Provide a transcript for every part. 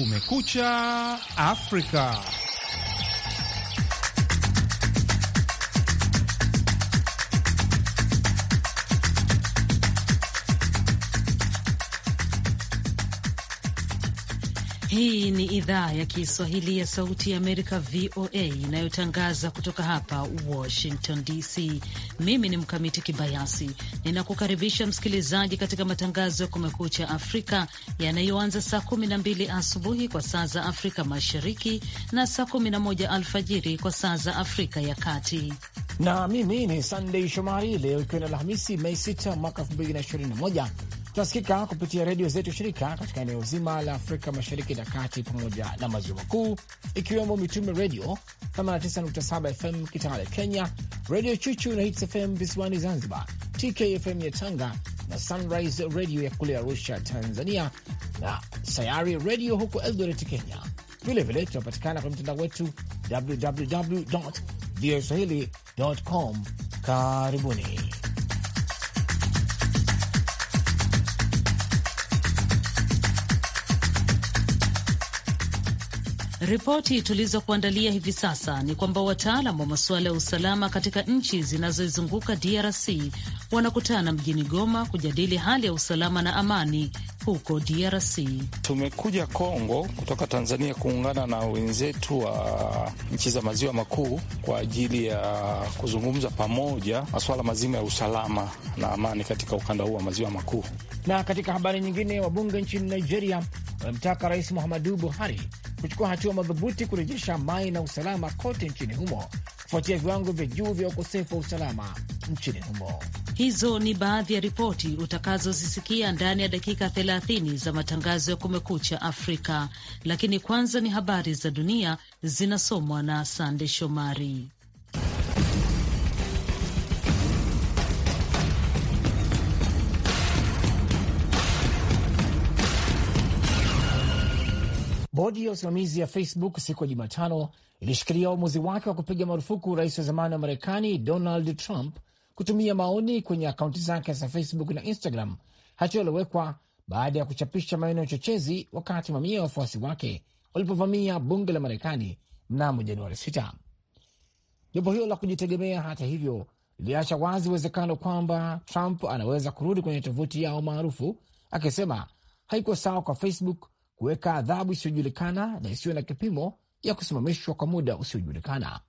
Kumekucha Afrika. Hii ni idhaa ya Kiswahili ya Sauti ya Amerika, VOA, inayotangaza kutoka hapa Washington DC. Mimi ni Mkamiti Kibayasi, ninakukaribisha msikilizaji katika matangazo ya Kumekucha Afrika yanayoanza saa mbili asubuhi kwa saa za Afrika Mashariki na saa moja alfajiri kwa saa za Afrika ya Kati. Na mimi ni Sandei Shomari. Leo ikiwa ni Alhamisi, Mei 6 mwaka 2021 tunasikika kupitia redio zetu shirika katika eneo zima la Afrika Mashariki na Kati pamoja na Maziwa Makuu, ikiwemo Mitume Redio 89.7 FM Kitale Kenya redio Chuchu na Hits FM visiwani Zanzibar, TKFM ya Tanga na Sunrise redio ya kule Arusha, Tanzania, na Sayari redio huko Eldoret, Kenya. Vilevile tunapatikana kwenye mtandao wetu www voa swahili com. Karibuni. Ripoti tulizokuandalia hivi sasa ni kwamba wataalam wa masuala ya usalama katika nchi zinazoizunguka DRC wanakutana mjini Goma kujadili hali ya usalama na amani huko DRC. Tumekuja Kongo kutoka Tanzania kuungana na wenzetu wa nchi za maziwa makuu kwa ajili ya kuzungumza pamoja masuala mazima ya usalama na amani katika ukanda huu wa maziwa makuu. Na katika habari nyingine, wabunge nchini Nigeria wamemtaka Rais Muhammadu Buhari kuchukua hatua madhubuti kurejesha amani na usalama kote nchini humo kufuatia viwango vya juu vya ukosefu wa usalama nchini humo. Hizo ni baadhi ya ripoti utakazozisikia ndani ya dakika 30 za matangazo ya Kumekucha Afrika, lakini kwanza ni habari za dunia zinasomwa na Sande Shomari. Bodi ya usimamizi ya Facebook siku ya Jumatano ilishikilia uamuzi wake wa kupiga marufuku rais wa zamani wa Marekani Donald Trump kutumia maoni kwenye akaunti zake za Facebook na Instagram, hatua iliyowekwa baada ya kuchapisha maneno ya uchochezi wakati mamia ya wafuasi wake walipovamia bunge la Marekani mnamo Januari 6. Jopo hilo la kujitegemea, hata hivyo, liliacha wazi uwezekano kwamba Trump anaweza kurudi kwenye tovuti yao maarufu, akisema haiko sawa kwa Facebook kuweka adhabu isiyojulikana na isiyo na kipimo ya kusimamishwa kwa muda usiojulikana.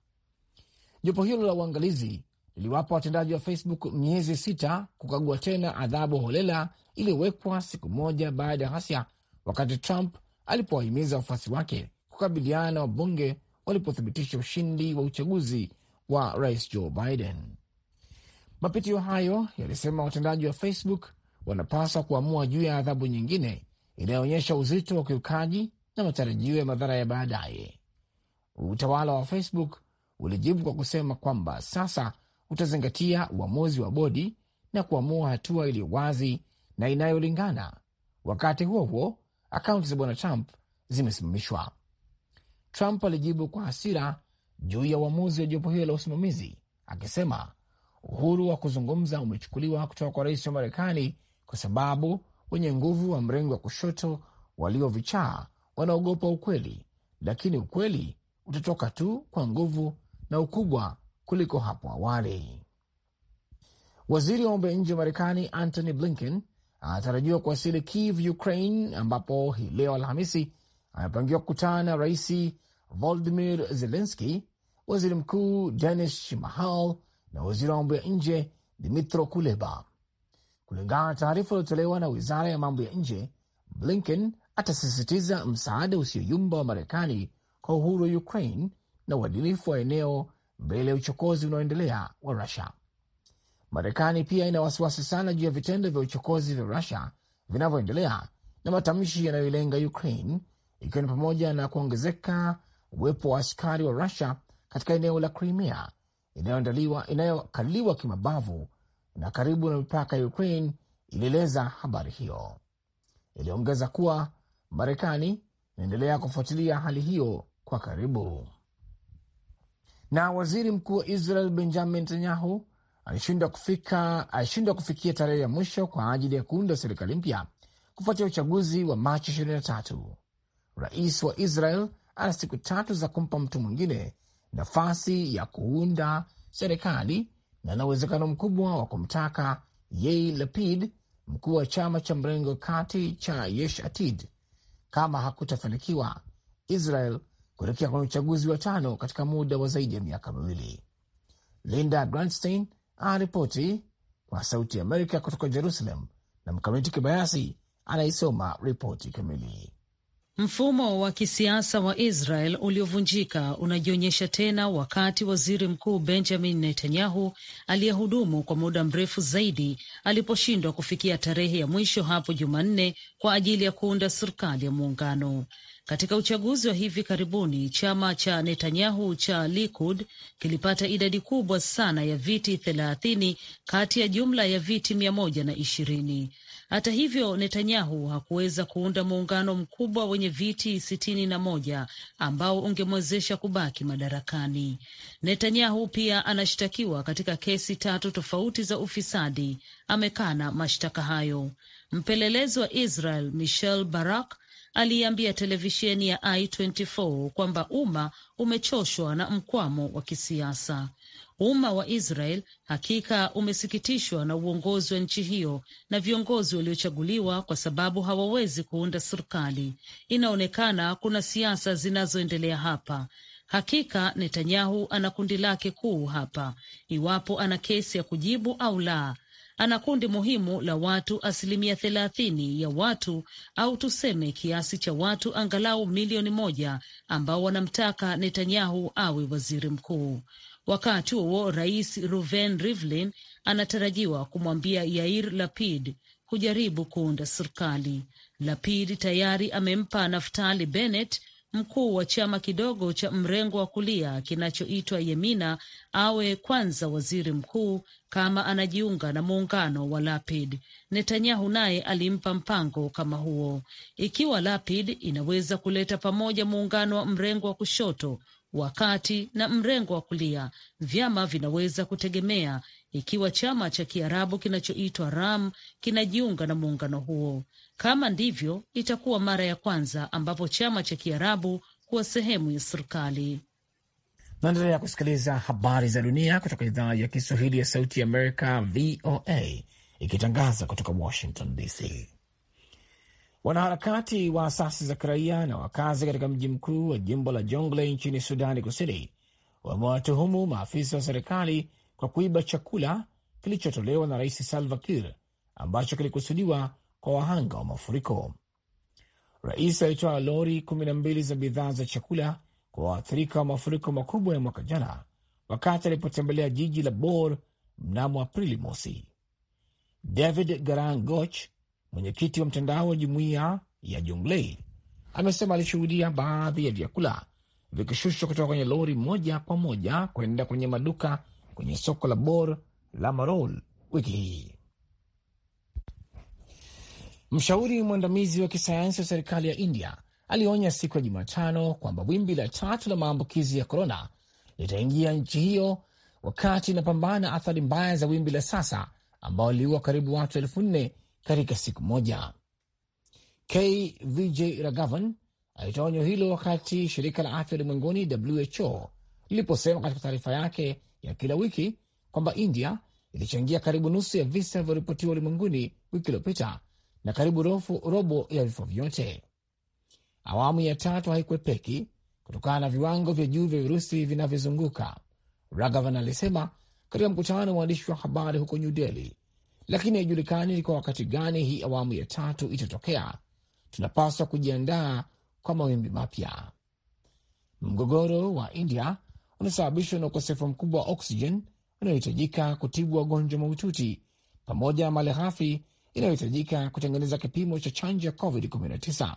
Jopo hilo la uangalizi liliwapa watendaji wa Facebook miezi sita kukagua tena adhabu holela iliyowekwa siku moja baada ya ghasia, wakati Trump alipowahimiza wafuasi wake kukabiliana na wabunge walipothibitisha ushindi wa uchaguzi wa rais Joe Biden. Mapitio hayo yalisema watendaji wa Facebook wanapaswa kuamua juu ya adhabu nyingine inayoonyesha uzito wa ukiukaji na matarajio ya madhara ya baadaye. Utawala wa Facebook ulijibu kwa kusema kwamba sasa utazingatia uamuzi wa bodi na kuamua hatua iliyo wazi na inayolingana. Wakati huo huo, akaunti za bwana Trump zimesimamishwa. Trump alijibu kwa hasira juu ya uamuzi wa jopo hilo la usimamizi akisema, uhuru wa kuzungumza umechukuliwa kutoka kwa rais wa Marekani kwa sababu wenye nguvu wa mrengo wa kushoto waliovichaa wanaogopa ukweli, lakini ukweli utatoka tu kwa nguvu na ukubwa kuliko hapo awali. Waziri wa mambo ya nje wa Marekani Antony Blinken anatarajiwa kuwasili Kiev, Ukraine, ambapo hii leo Alhamisi amepangiwa kukutana na Rais Volodimir Zelenski, waziri mkuu Denis Shimahal na waziri wa mambo ya nje Dmitro Kuleba. Kulingana na taarifa iliyotolewa na wizara ya mambo ya nje, Blinken atasisitiza msaada usioyumba wa Marekani kwa uhuru wa Ukraine na uadilifu wa eneo mbele ya uchokozi unaoendelea wa Rusia. Marekani pia ina wasiwasi sana juu ya vitendo vya uchokozi vya Rusia vinavyoendelea na matamshi yanayoilenga Ukraine, ikiwa ni pamoja na kuongezeka uwepo wa askari wa Rusia katika eneo la Crimea inayokaliwa kimabavu na karibu na mipaka ya Ukraine, ilieleza habari hiyo. Iliongeza kuwa Marekani inaendelea kufuatilia hali hiyo kwa karibu. Na waziri mkuu wa Israel Benjamin Netanyahu alishindwa kufika alishindwa kufikia tarehe ya mwisho kwa ajili ya kuunda serikali mpya kufuatia uchaguzi wa Machi 23. Rais wa Israel ana siku tatu za kumpa mtu mwingine nafasi ya kuunda serikali na na uwezekano mkubwa wa kumtaka Yei Lapid, mkuu wa chama cha mrengo kati cha Yesh Atid, kama hakutafanikiwa Israel kuelekea kwenye uchaguzi wa tano katika muda wa zaidi ya miaka miwili. Linda Grantstein aripoti kwa Sauti ya Amerika kutoka Jerusalem, na Mkamiti Kibayasi anaisoma ripoti kamili. Mfumo wa kisiasa wa Israel uliovunjika unajionyesha tena wakati waziri mkuu Benjamin Netanyahu aliyehudumu kwa muda mrefu zaidi aliposhindwa kufikia tarehe ya mwisho hapo Jumanne kwa ajili ya kuunda serikali ya muungano. Katika uchaguzi wa hivi karibuni, chama cha Netanyahu cha Likud kilipata idadi kubwa sana ya viti thelathini kati ya jumla ya viti mia moja na ishirini. Hata hivyo, Netanyahu hakuweza kuunda muungano mkubwa wenye viti sitini na moja ambao ungemwezesha kubaki madarakani. Netanyahu pia anashtakiwa katika kesi tatu tofauti za ufisadi. Amekana mashtaka hayo. Mpelelezi wa Israel Michel Barak aliiambia televisheni ya i24 kwamba umma umechoshwa na mkwamo wa kisiasa. Umma wa Israel hakika umesikitishwa na uongozi wa nchi hiyo na viongozi waliochaguliwa kwa sababu hawawezi kuunda serikali. Inaonekana kuna siasa zinazoendelea hapa. Hakika Netanyahu ana kundi lake kuu hapa, iwapo ana kesi ya kujibu au la. Ana kundi muhimu la watu, asilimia thelathini ya watu au tuseme kiasi cha watu angalau milioni moja ambao wanamtaka Netanyahu awe waziri mkuu. Wakati huo rais Ruven Rivlin anatarajiwa kumwambia Yair Lapid kujaribu kuunda serikali. Lapid tayari amempa Naftali Bennett, mkuu wa chama kidogo cha mrengo wa kulia kinachoitwa Yemina, awe kwanza waziri mkuu kama anajiunga na muungano wa Lapid. Netanyahu naye alimpa mpango kama huo. Ikiwa Lapid inaweza kuleta pamoja muungano wa mrengo wa kushoto wa kati na mrengo wa kulia. Vyama vinaweza kutegemea ikiwa chama cha Kiarabu kinachoitwa RAM kinajiunga na muungano huo. Kama ndivyo, itakuwa mara ya kwanza ambapo chama cha Kiarabu kuwa sehemu ya serikali. Naendelea kusikiliza habari za dunia kutoka idhaa ya Kiswahili ya Sauti ya Amerika, VOA, ikitangaza kutoka Washington DC. Wanaharakati wa asasi za kiraia na wakazi katika mji mkuu wa jimbo la Jonglei nchini Sudani Kusini wamewatuhumu maafisa wa serikali kwa kuiba chakula kilichotolewa na Rais Salva Kiir ambacho kilikusudiwa kwa wahanga wa mafuriko. Rais alitoa lori kumi na mbili za bidhaa za chakula kwa waathirika wa mafuriko makubwa ya mwaka jana wakati alipotembelea jiji la Bor mnamo Aprili mosi. David Garangoch Mwenyekiti wa mtandao wa jumuiya ya Jonglei amesema alishuhudia baadhi ya vyakula vikishushwa kutoka kwenye lori moja kwa moja kwenda kwenye maduka kwenye soko la Bor la Marol wiki hii. Mshauri mwandamizi wa kisayansi wa serikali ya India alionya siku ya Jumatano kwamba wimbi la tatu la maambukizi ya korona litaingia nchi hiyo wakati inapambana athari mbaya za wimbi la sasa ambao liliua karibu watu elfu nne katika siku moja. KVJ Ragavan alitoa onyo hilo wakati shirika la afya ulimwenguni WHO liliposema katika taarifa yake ya kila wiki kwamba India ilichangia karibu nusu ya visa vilivyoripotiwa ulimwenguni wiki iliyopita na karibu rofu, robo ya vifo vyote. Awamu ya tatu haikwepeki kutokana na viwango vya juu vya virusi vinavyozunguka, Ragavan alisema katika mkutano wa waandishi wa habari huko New Delhi lakini haijulikani ni kwa wakati gani hii awamu ya tatu itatokea. Tunapaswa kujiandaa kwa mawimbi mapya. Mgogoro wa India unasababishwa na ukosefu mkubwa wa oksijen unaohitajika kutibu wagonjwa mahututi pamoja na mali ghafi inayohitajika kutengeneza kipimo cha chanjo ya COVID-19.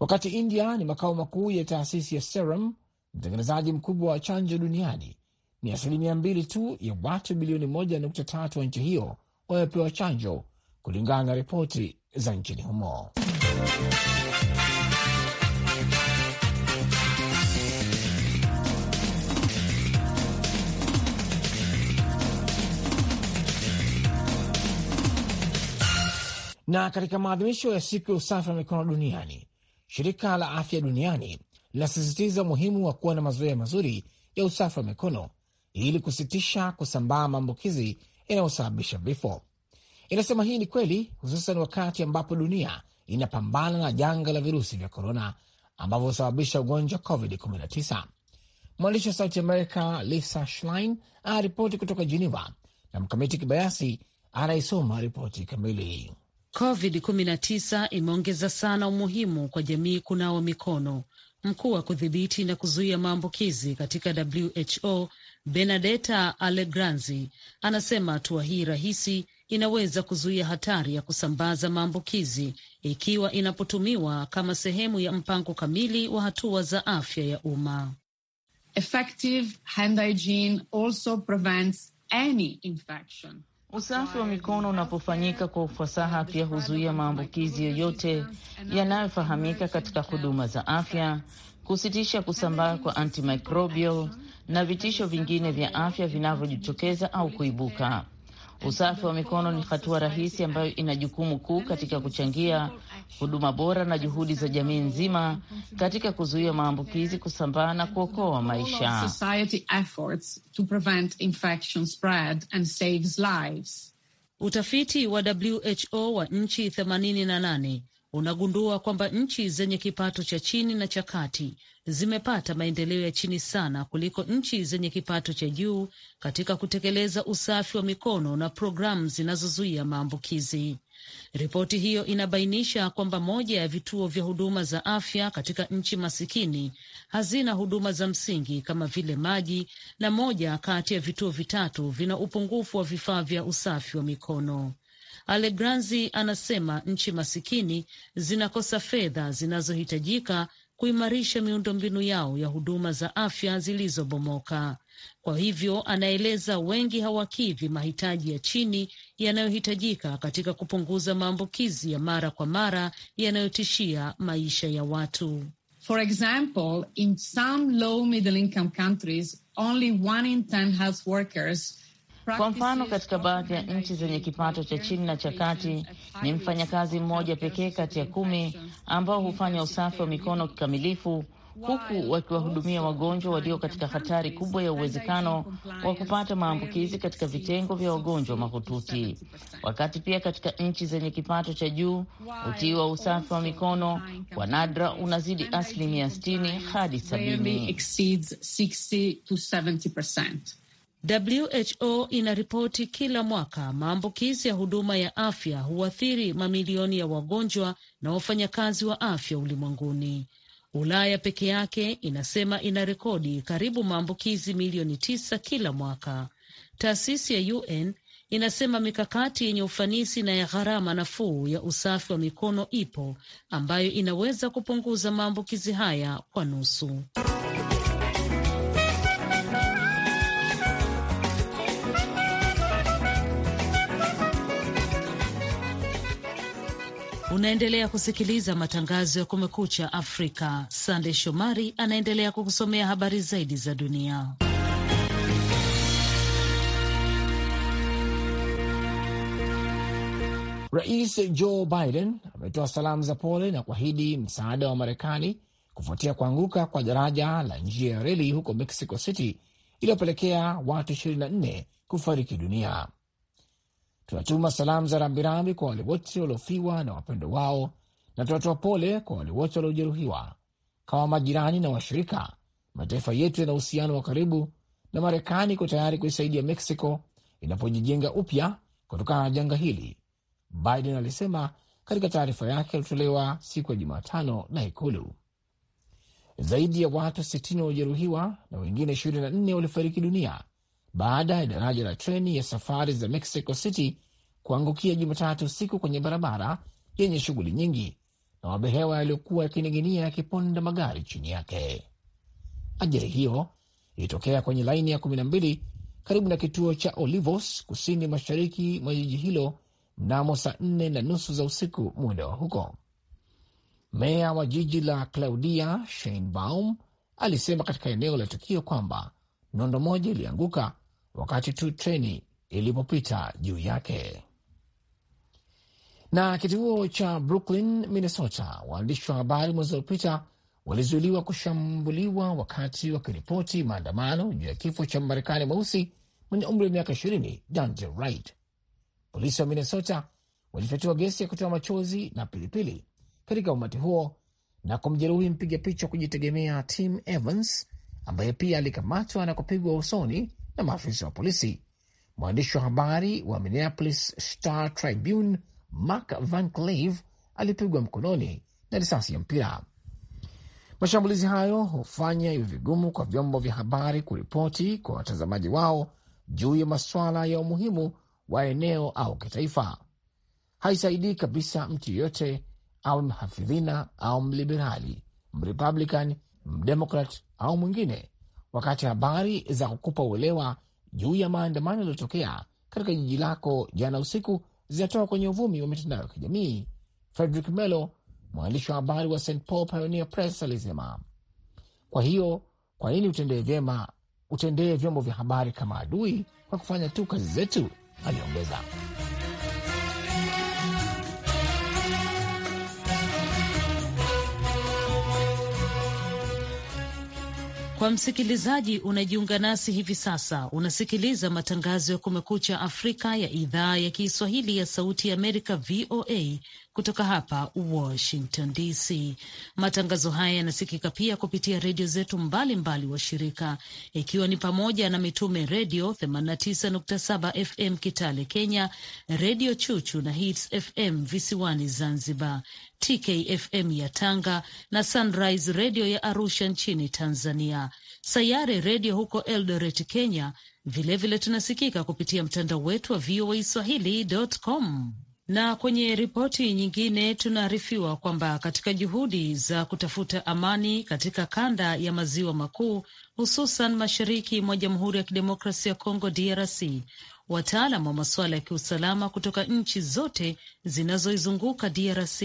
Wakati India ni makao makuu ya taasisi ya Serum, mtengenezaji mkubwa wa chanjo duniani, ni asilimia mbili tu ya watu bilioni moja nukta tatu wa nchi hiyo wamepewa chanjo, kulingana na ripoti za nchini humo. Na katika maadhimisho ya siku ya usafi wa mikono duniani, shirika la afya duniani linasisitiza umuhimu wa kuwa na mazoea mazuri ya usafi wa mikono ili kusitisha kusambaa maambukizi inayosababisha vifo. Inasema hii ni kweli, hususan wakati ambapo dunia inapambana na janga la virusi vya korona ambavyo husababisha ugonjwa COVID-19. Mwandishi wa Sauti Amerika Lisa Schlein anaripoti kutoka Geneva na Mkamiti Kibayasi anaisoma ripoti kamili. COVID-19 imeongeza sana umuhimu kwa jamii kunawa mikono. Mkuu wa kudhibiti na kuzuia maambukizi katika WHO Benadeta Alegranzi anasema hatua hii rahisi inaweza kuzuia hatari ya kusambaza maambukizi ikiwa inapotumiwa kama sehemu ya mpango kamili wa hatua za afya ya umma. Usafi wa mikono unapofanyika kwa ufasaha pia huzuia maambukizi yoyote yanayofahamika katika huduma za afya kusitisha kusambaa kwa antimicrobial na vitisho vingine vya afya vinavyojitokeza au kuibuka. Usafi wa mikono ni hatua rahisi ambayo ina jukumu kuu katika kuchangia huduma bora na juhudi za jamii nzima katika kuzuia maambukizi kusambaa na kuokoa maisha. Utafiti wa WHO wa nchi 88 unagundua kwamba nchi zenye kipato cha chini na cha kati zimepata maendeleo ya chini sana kuliko nchi zenye kipato cha juu katika kutekeleza usafi wa mikono na programu zinazozuia maambukizi. Ripoti hiyo inabainisha kwamba moja ya vituo vya huduma za afya katika nchi masikini hazina huduma za msingi kama vile maji, na moja kati ya vituo vitatu vina upungufu wa vifaa vya usafi wa mikono. Alegranzi anasema nchi masikini zinakosa fedha zinazohitajika kuimarisha miundombinu yao ya huduma za afya zilizobomoka. Kwa hivyo, anaeleza wengi hawakidhi mahitaji ya chini yanayohitajika katika kupunguza maambukizi ya mara kwa mara yanayotishia maisha ya watu. For example, in some low middle income countries, only one in ten health workers kwa mfano, katika baadhi ya nchi zenye kipato cha chini na cha kati ni mfanyakazi mmoja pekee kati ya kumi ambao hufanya usafi wa mikono kikamilifu huku wakiwahudumia wagonjwa walio katika hatari kubwa ya uwezekano wa kupata maambukizi katika vitengo vya wagonjwa mahututi. Wakati pia katika nchi zenye kipato cha juu utii wa usafi wa mikono kwa nadra unazidi asilimia 60 hadi 70. WHO inaripoti kila mwaka maambukizi ya huduma ya afya huathiri mamilioni ya wagonjwa na wafanyakazi wa afya ulimwenguni. Ulaya peke yake inasema ina rekodi karibu maambukizi milioni tisa kila mwaka. Taasisi ya UN inasema mikakati yenye ufanisi na ya gharama nafuu ya usafi wa mikono ipo ambayo inaweza kupunguza maambukizi haya kwa nusu. Unaendelea kusikiliza matangazo ya Kumekucha Afrika. Sande Shomari anaendelea kukusomea habari zaidi za dunia. Rais Joe Biden ametoa salamu za pole na kuahidi msaada wa Marekani kufuatia kuanguka kwa daraja la njia ya reli huko Mexico City iliyopelekea watu 24 kufariki dunia. Tunatuma salamu za rambirambi kwa wale wote waliofiwa na wapendo wao, na tunatoa pole kwa wale wote waliojeruhiwa. Kama majirani na washirika, mataifa yetu yana uhusiano wa karibu, na Marekani iko tayari kuisaidia Meksiko inapojijenga upya kutokana na janga hili, Biden alisema katika taarifa yake iliyotolewa siku ya Jumatano na Ikulu. Zaidi ya watu 60 waliojeruhiwa na wengine 24 walifariki dunia baada ya daraja la treni ya safari za Mexico City kuangukia Jumatatu usiku kwenye barabara yenye shughuli nyingi na mabehewa yaliyokuwa yakining'inia yakiponda magari chini yake. Ajali hiyo ilitokea kwenye laini ya 12 karibu na kituo cha Olivos, kusini mashariki mwa jiji hilo mnamo saa nne na nusu za usiku muda wa huko. Meya wa jiji la Claudia Sheinbaum alisema katika eneo la tukio kwamba nondo moja ilianguka wakati tu treni ilipopita juu yake. Na kituo cha Brooklyn, Minnesota, waandishi wa habari mwezi uliopita walizuiliwa kushambuliwa wakati wakiripoti maandamano juu ya kifo cha marekani mweusi mwenye umri wa miaka ishirini Dante Wright. Polisi wa Minnesota walifyatua gesi ya kutoa machozi na pilipili katika umati huo na kumjeruhi mpiga picha wa kujitegemea Tim Evans ambaye pia alikamatwa na kupigwa usoni na maafisa wa polisi. Mwandishi wa habari wa Minneapolis Star Tribune Mark Van Cleve alipigwa mkononi na risasi ya mpira. Mashambulizi hayo hufanya iwe vigumu kwa vyombo vya habari kuripoti kwa watazamaji wao juu ya masuala ya umuhimu wa eneo au kitaifa. Haisaidii kabisa mtu yeyote awe mhafidhina au mliberali, mrepublican, mdemokrat au mwingine wakati habari za kukupa uelewa juu ya maandamano yaliyotokea katika jiji lako jana usiku zinatoka kwenye uvumi wa mitandao ya kijamii. Frederick Melo, mwandishi wa habari wa St Paul Pioneer Press, alisema, kwa hiyo kwa nini utendee vyema utendee vyombo vya habari kama adui kwa kufanya tu kazi zetu? Aliongeza. Kwa msikilizaji unajiunga nasi hivi sasa, unasikiliza matangazo ya Kumekucha Afrika ya idhaa ya Kiswahili ya Sauti ya Amerika, VOA kutoka hapa Washington DC. Matangazo haya yanasikika pia kupitia redio zetu mbalimbali washirika, ikiwa ni pamoja na Mitume Redio 89.7 FM Kitale Kenya, Redio Chuchu na Hits FM visiwani Zanzibar, TKFM ya Tanga na Sunrise Redio ya Arusha nchini Tanzania, Sayare Redio huko Eldoret Kenya. Vilevile vile tunasikika kupitia mtandao wetu wa VOA Swahili.com. Na kwenye ripoti nyingine tunaarifiwa kwamba katika juhudi za kutafuta amani katika kanda ya maziwa makuu, hususan mashariki mwa Jamhuri ya Kidemokrasia ya Kongo DRC, wataalam wa masuala ya kiusalama kutoka nchi zote zinazoizunguka DRC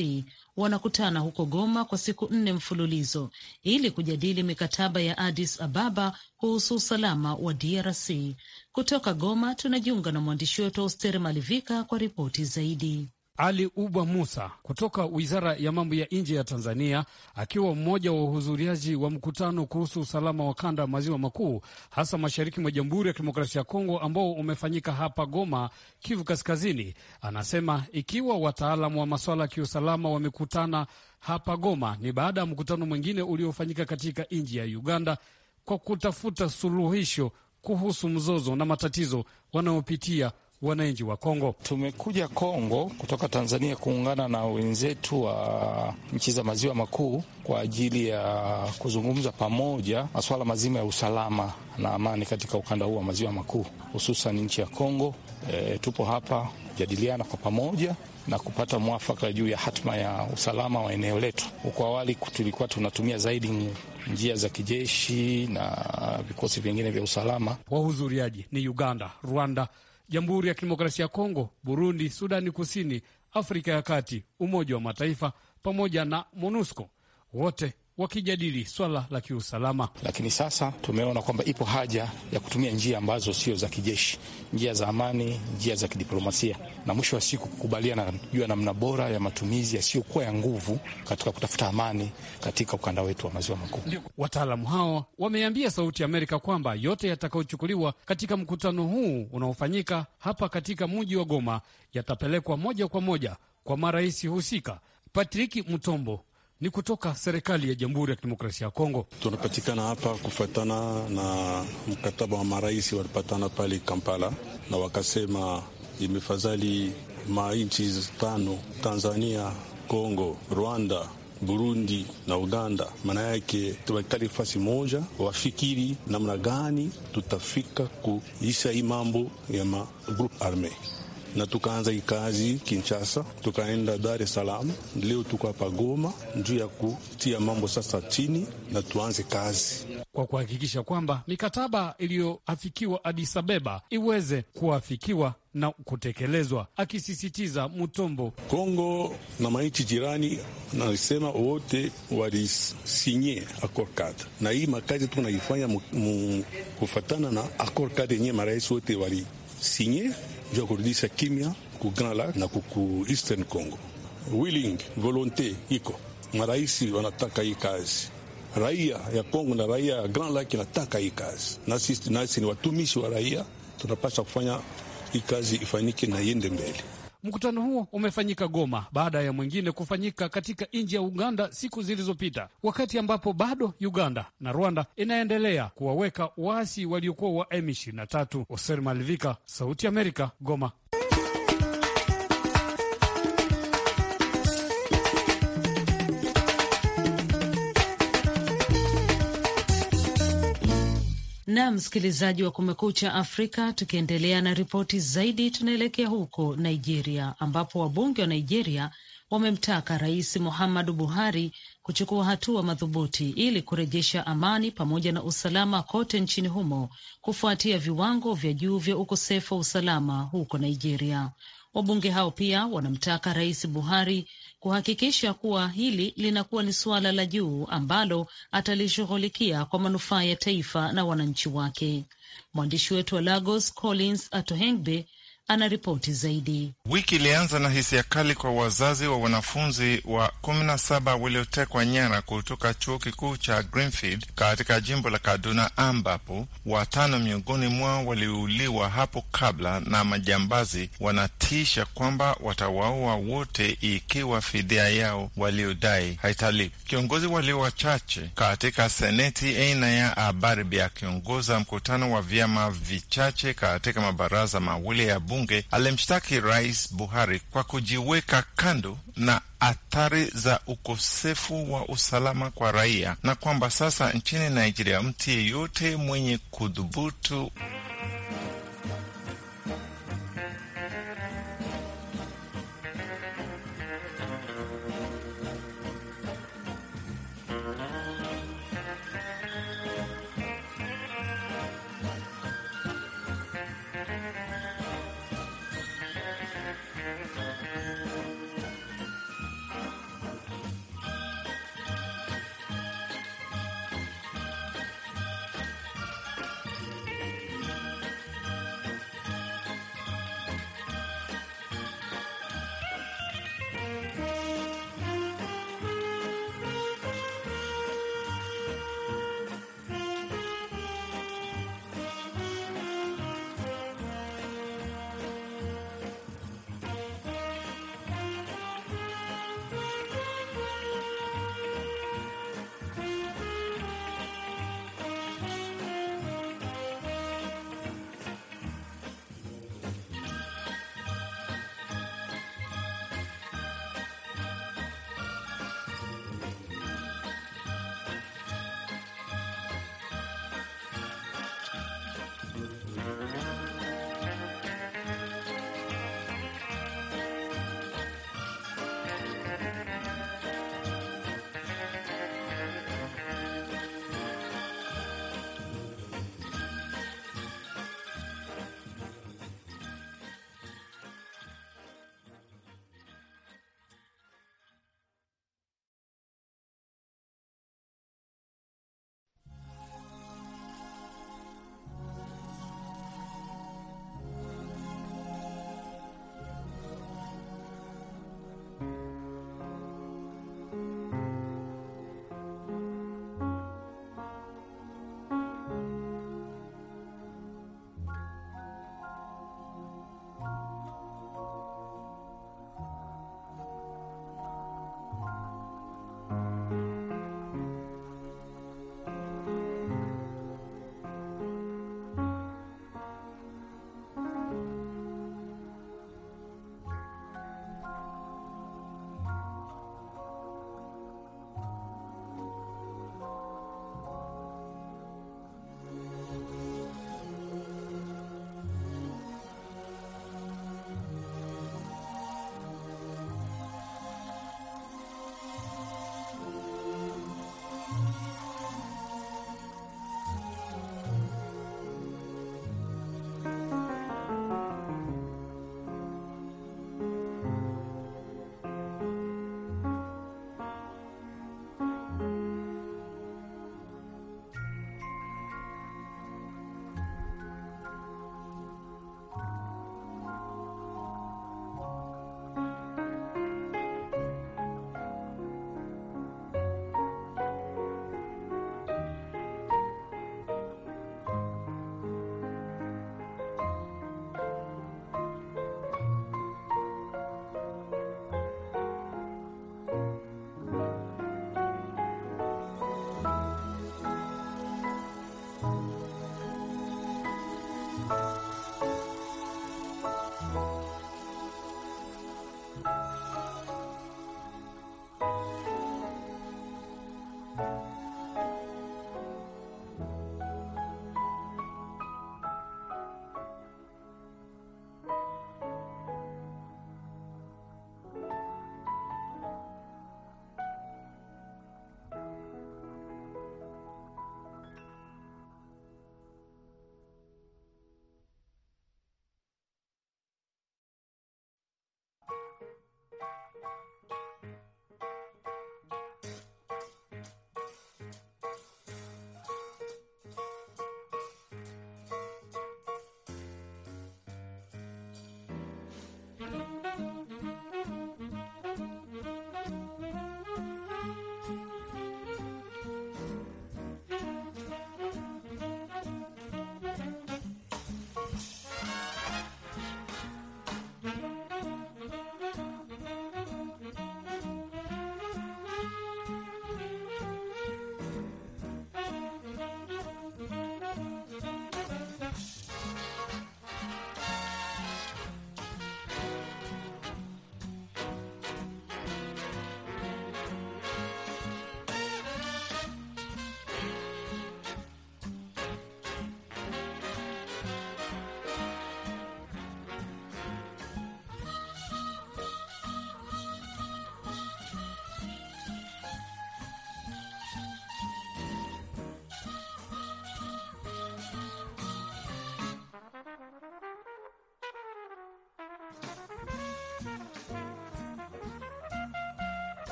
wanakutana huko Goma kwa siku nne mfululizo ili kujadili mikataba ya Addis Ababa kuhusu usalama wa DRC. Kutoka Goma tunajiunga na mwandishi wetu Auster Malivika kwa ripoti zaidi. Ali Uba Musa kutoka Wizara ya Mambo ya Nje ya Tanzania, akiwa mmoja wa uhudhuriaji wa mkutano kuhusu usalama wa kanda maziwa makuu, hasa mashariki mwa Jamhuri ya Kidemokrasia ya Kongo ambao umefanyika hapa Goma, Kivu Kaskazini, anasema ikiwa wataalamu wa masuala ya kiusalama wamekutana hapa Goma ni baada ya mkutano mwingine uliofanyika katika nchi ya Uganda kwa kutafuta suluhisho kuhusu mzozo na matatizo wanayopitia wananchi wa Kongo. Tumekuja Kongo kutoka Tanzania kuungana na wenzetu wa nchi za maziwa makuu kwa ajili ya kuzungumza pamoja masuala mazima ya usalama na amani katika ukanda huu wa maziwa makuu, hususan nchi ya Kongo. E, tupo hapa kujadiliana kwa pamoja na kupata mwafaka juu ya hatima ya usalama wa eneo letu. Huko awali tulikuwa tunatumia zaidi njia za kijeshi na vikosi vingine vya usalama. Wahudhuriaji ni Uganda, Rwanda Jamhuri ya Kidemokrasia ya Kongo, Burundi, Sudani Kusini, Afrika ya Kati, Umoja wa Mataifa pamoja na MONUSCO wote wakijadili swala la kiusalama. Lakini sasa tumeona kwamba ipo haja ya kutumia njia ambazo sio za kijeshi, njia za amani, njia za kidiplomasia, na mwisho wa siku kukubaliana juu ya namna bora ya matumizi yasiyokuwa ya nguvu katika kutafuta amani katika ukanda wetu wa maziwa makuu. Wataalamu hao wameambia Sauti ya Amerika kwamba yote yatakayochukuliwa katika mkutano huu unaofanyika hapa katika mji wa Goma yatapelekwa moja kwa moja kwa marais husika. Patriki Mutombo ni kutoka serikali ya Jamhuri ya Kidemokrasia ya Kongo. Tunapatikana hapa kufuatana na mkataba wa marais walipatana pale Kampala, na wakasema imefadhali manchi tano Tanzania, Kongo, Rwanda, Burundi na Uganda. Maana yake tuwekali fasi moja, wafikiri namna gani tutafika kuisha hii mambo ya magrup arme na tukaanza kazi Kinshasa, tukaenda Dar es Salaam, leo tuko hapa Goma juu ya kutia mambo sasa chini na tuanze kazi kwa kuhakikisha kwamba mikataba iliyoafikiwa Addis Abeba iweze kuafikiwa na kutekelezwa, akisisitiza Mutombo. Kongo na maichi jirani nasema wote walisinye acor kada, na hii makazi naifanya kufatana na acor kada yenyewe marais wote walisinye juu ya kurudisha kimya ku Grand Lac na kuku Eastern Congo. Willing volonte iko, maraisi wanataka hii kazi, raia ya Congo na raia ya Grand Lac inataka hii kazi, nasi nasi ni watumishi wa raia, tunapasha kufanya hii kazi ifanyike na iende mbele. Mkutano huo umefanyika Goma baada ya mwingine kufanyika katika nchi ya Uganda siku zilizopita, wakati ambapo bado Uganda na Rwanda inaendelea kuwaweka waasi waliokuwa wa M23. Oser Malivika, Sauti Amerika, Goma. Na msikilizaji wa Kumekucha Afrika, tukiendelea na ripoti zaidi, tunaelekea huko Nigeria ambapo wabunge wa Nigeria wamemtaka Rais Muhammadu Buhari kuchukua hatua madhubuti ili kurejesha amani pamoja na usalama kote nchini humo kufuatia viwango vya juu vya ukosefu wa usalama huko Nigeria. Wabunge hao pia wanamtaka Rais Buhari kuhakikisha kuwa hili linakuwa ni suala la juu ambalo atalishughulikia kwa manufaa ya taifa na wananchi wake. Mwandishi wetu wa Lagos Collins Atohengbe ripoti zaidi. Wiki ilianza na hisia kali kwa wazazi wa wanafunzi wa saba waliotekwa nyara kutoka chuo kikuu cha Greenfield katika jimbo la Kaduna, ambapo watano miongoni mwao waliuliwa hapo kabla, na majambazi wanatisha kwamba watawaua wote ikiwa fidia yao waliodai haitalipa. Kiongozi walio wachache katika seneti aina ya Abaribi akiongoza mkutano wa vyama vichache katika mabaraza mawili ya bunge bunge alimshtaki Rais Buhari kwa kujiweka kando na athari za ukosefu wa usalama kwa raia na kwamba sasa nchini Nigeria mtu yeyote mwenye kudhubutu